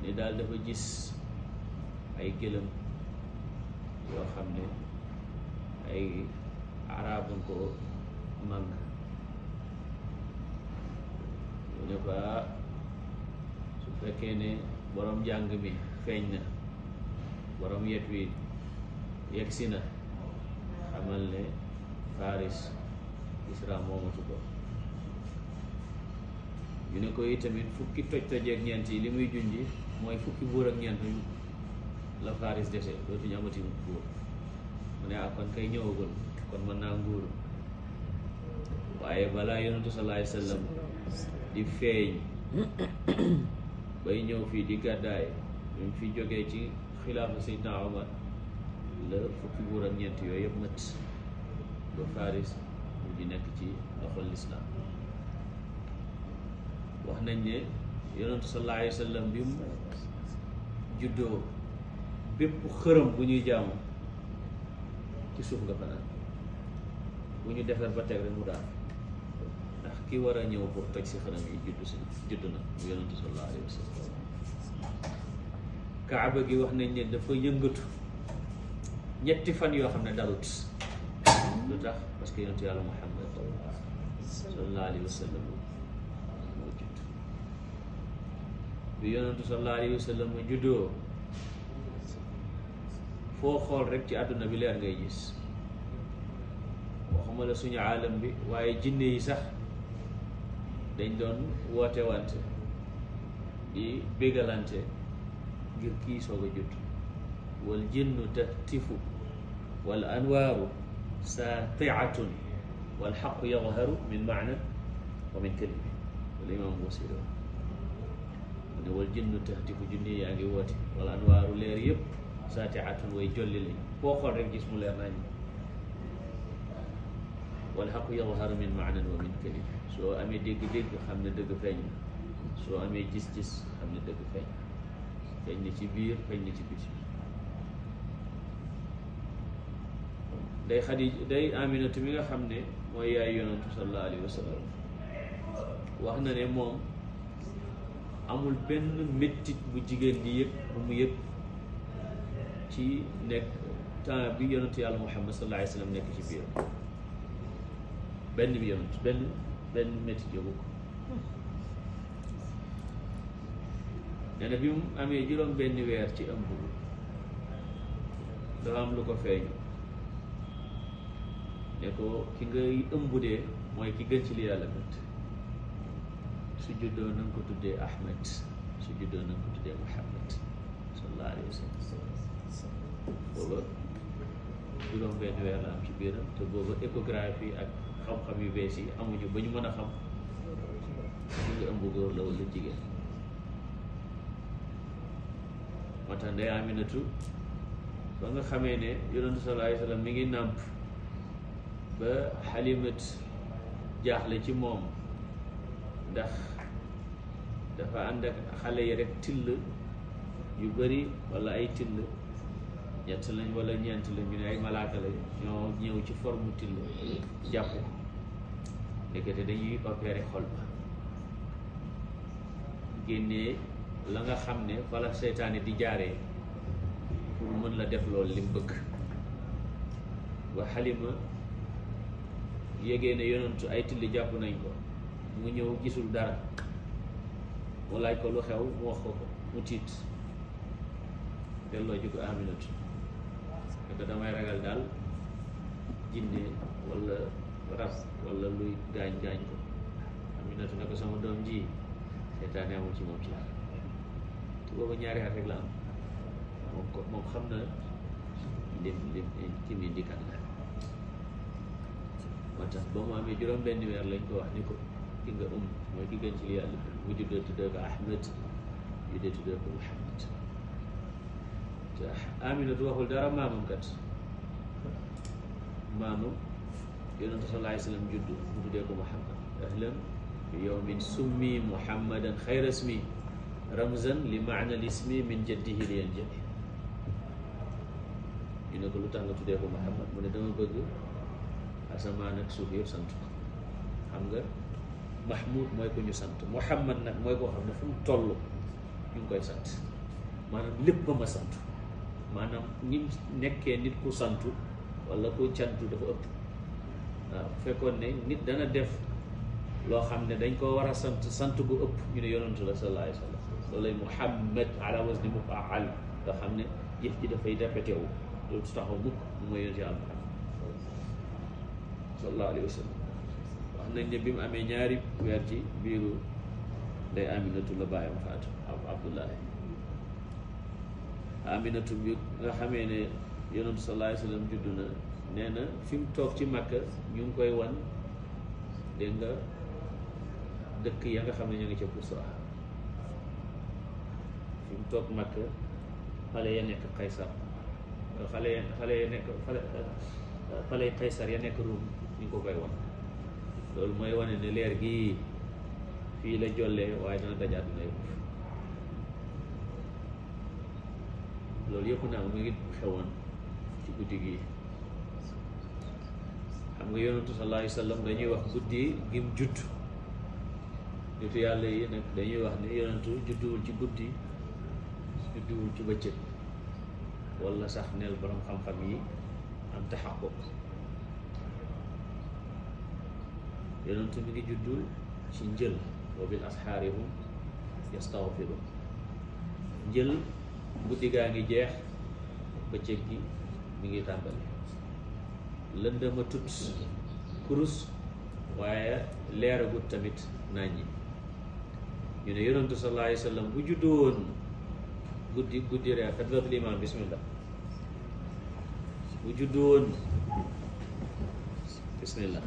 ne daal dafa gis ay gëlëm yoo xam ne ay araabu ko màng mu ne ko ah, su fekkee ne borom jàng mi feeñ na borom yet wi yegsi na xamal ne Faris Isra moomatu ko ñu ne ko itamit fukki toj tojeeg ñeent yi li muy junji mooy fukki buur ak ñeent yu la faaris dese dootuñu amati buur mu ne ah kon kay ñëwagul kon mën naa nguur waaye balaa yonentu sallallahu alayhi wa sallam di ñëw fii di gàddaay ñu fi jógee ci xilaafa Seydina Omar la fukki buur ak ñeent yooyu yëpp mët ba faaris mu di nekk ci loxol lislaam nañ ne yonentu sallallahu alayhi wa bi mu juddoo bépp xërëm bu ñuy jàmm ci suuf nga fanaan bu ñu defar ba teg rek mu daal ndax ki war a ñëw pour toj si xërëm yi juddu si juddu na mu yonentu sallallahu kaaba gi wax nañ ne dafa yëngatu ñetti fan yoo xam ne dalut lu tax parce que yonentu yàlla muhammad sallallahu alayhi wa sallam bi yonentu sallallahu alayhi wa sallam juddoo foo xool rek ci àdduna bi leer ngay gis waxuma la suñu aalam bi waaye jinne yi sax dañ doon woote wante di bégalante ngir kii soog a judd wal jinnu tahtifu wal anwaaru saatiatun wal xaqu yadharu min maana wa min kalimi wal imam Busiri mu ne wal jëndu taxtiku junni yaa ngi woote wala anwaaru leer yëpp saati atul way jolli lañ boo xool rek gis mu leer nañ wala xaqu yadharu min maanan wa min kalim soo amee dégg-dégg xam ne dëgg feeñ na soo amee gis-gis xam ne dëgg feeñ feeñ na ci biir feeñ na ci biti day xadij day aminatu mi nga xam ne mooy yaay yonantu sallallahu alayhi wax na ne moom amul benn méttit bu jigéen di yëg bu mu yëg ci nekk temps bi yonent yàlla muhammad sallallahu alayhi wa nekk ci biir benn bi yonent benn benn méttit ko nee bi mu amee juróom benn weer ci ëmb bi dafa am lu ko feeñu ne ko ki ngay ëmb dee mooy ki gën ci li yàlla bind su juddoo na nga ko tuddee Ahmed su juddoo na nga ko tuddee Muhammad sallallahu alayhi wa sallam booba juróom benn weer la am ci biiram te booba échographie ak xam-xam yu bees yi amuñu ba ñu mën a xam su ngi ëmb góor la wala jigéen moo tax ndey Aminatu ba nga xamee ne yonentu sallallahu alayhi wa sallam mi ngi nàmp ba Xalimat jaaxle ci moom ndax dafa ànd ak xale yi rek till yu bari wala ay till ñett lañ wala ñeent lañ ñu ne ay malaaka lañ ñoo ñëw ci forme till jàpp ko ndekete dañuy opeere xol ba génnee la nga xam ne wala seytaane di jaaree pour mën la def lool lim mu bëgg ba xalima yégée ne yonentu ay till jàpp nañ ko mu ñëw gisul dara mu laaj ko lu xew mu wax ko ko mu tiit delloo ji ko aminatu ne damay ragal daal jinne walla rab walla luy gaañ gaañ ko aminatu ne sama doom ji seetaane ci moom ci la te booba ñaari at rek la am moom ko moom xam na lim lim kim yi ndikat la moo tax ba mu amee juróom benn weer lañ ko wax ni ko ki nga um mooy ki gën ci li yàlla bu Ahmed juddee tuddee ko Muhammad te Aminatu waxul dara maamam kat maamam yonentu sallallahu alayhi wa juddu mu tuddee ko Muhammad ahlan bi yawmin summi Muhammadan xayra ismi ramzan li maana min jaddihi li yan jaddi ñu ne ko Muhammad mu ne dama bëgg asamaan ak suuf yëpp mahmud mooy ko ñu sant muhammad nag mooy koo xam ne fu mu toll ñu ngi koy sant maanaam lépp ba ma sant maanaam ñi nekkee nit ku santu wala ku cantu dafa ëpp waaw fekkoon ne nit dana def loo xam ne dañ koo war a sant sant bu ëpp ñu ne yonantu la sallallahu alayhi wa sallam loolay muhammad ala wasni mufaal nga xam ne jëf ji dafay répété wu loolu taxaw mukk mooy yonent yàlla muhammad sallallahu alayhi wa wax nañ ne bi mu amee ñaari weer ci biiru ndey aminatu la bàyyam faatu abdullahi aminatu bi nga xamee ne yonentu sallallahu alayhi wa sallam juddu na nee na fi toog ci màkka ñu ngi koy wan dégg nga dëkk ya nga xam ne ñu ngi ca Busra fi mu toog màkka xale ya nekk Kaysar xale ya xale ya nekk xale xale Kaysar ya nekk Rum ñu ngi koy wan loolu mooy wane ne leer gi fii la jolle waaye dana daj àdduna yëpp loolu yëpp nag mu ngi xewoon ci guddi gi xam nga yonentu sallallahu alayhi wa sallam dañuy wax guddi gim judd nitu yàlla yi nag dañuy wax ne yonentu judduwul ci guddi judduwul ci bëccëg wala sax neel borom xam-xam yi am taxaquk yonent mi ngi juddul ci njël wa bil asxaari hum yastaxfiruun njël guddi gaa ngi jeex bëccëg gi mu ngi tàmbali lëndëma tut kurus waaye leeragut tamit nàññi ñu ne yonentu sallallahu alayhi wa sallam bu juddoon guddi guddi reer xadaratul imaam bismillah bu juddoon bismillah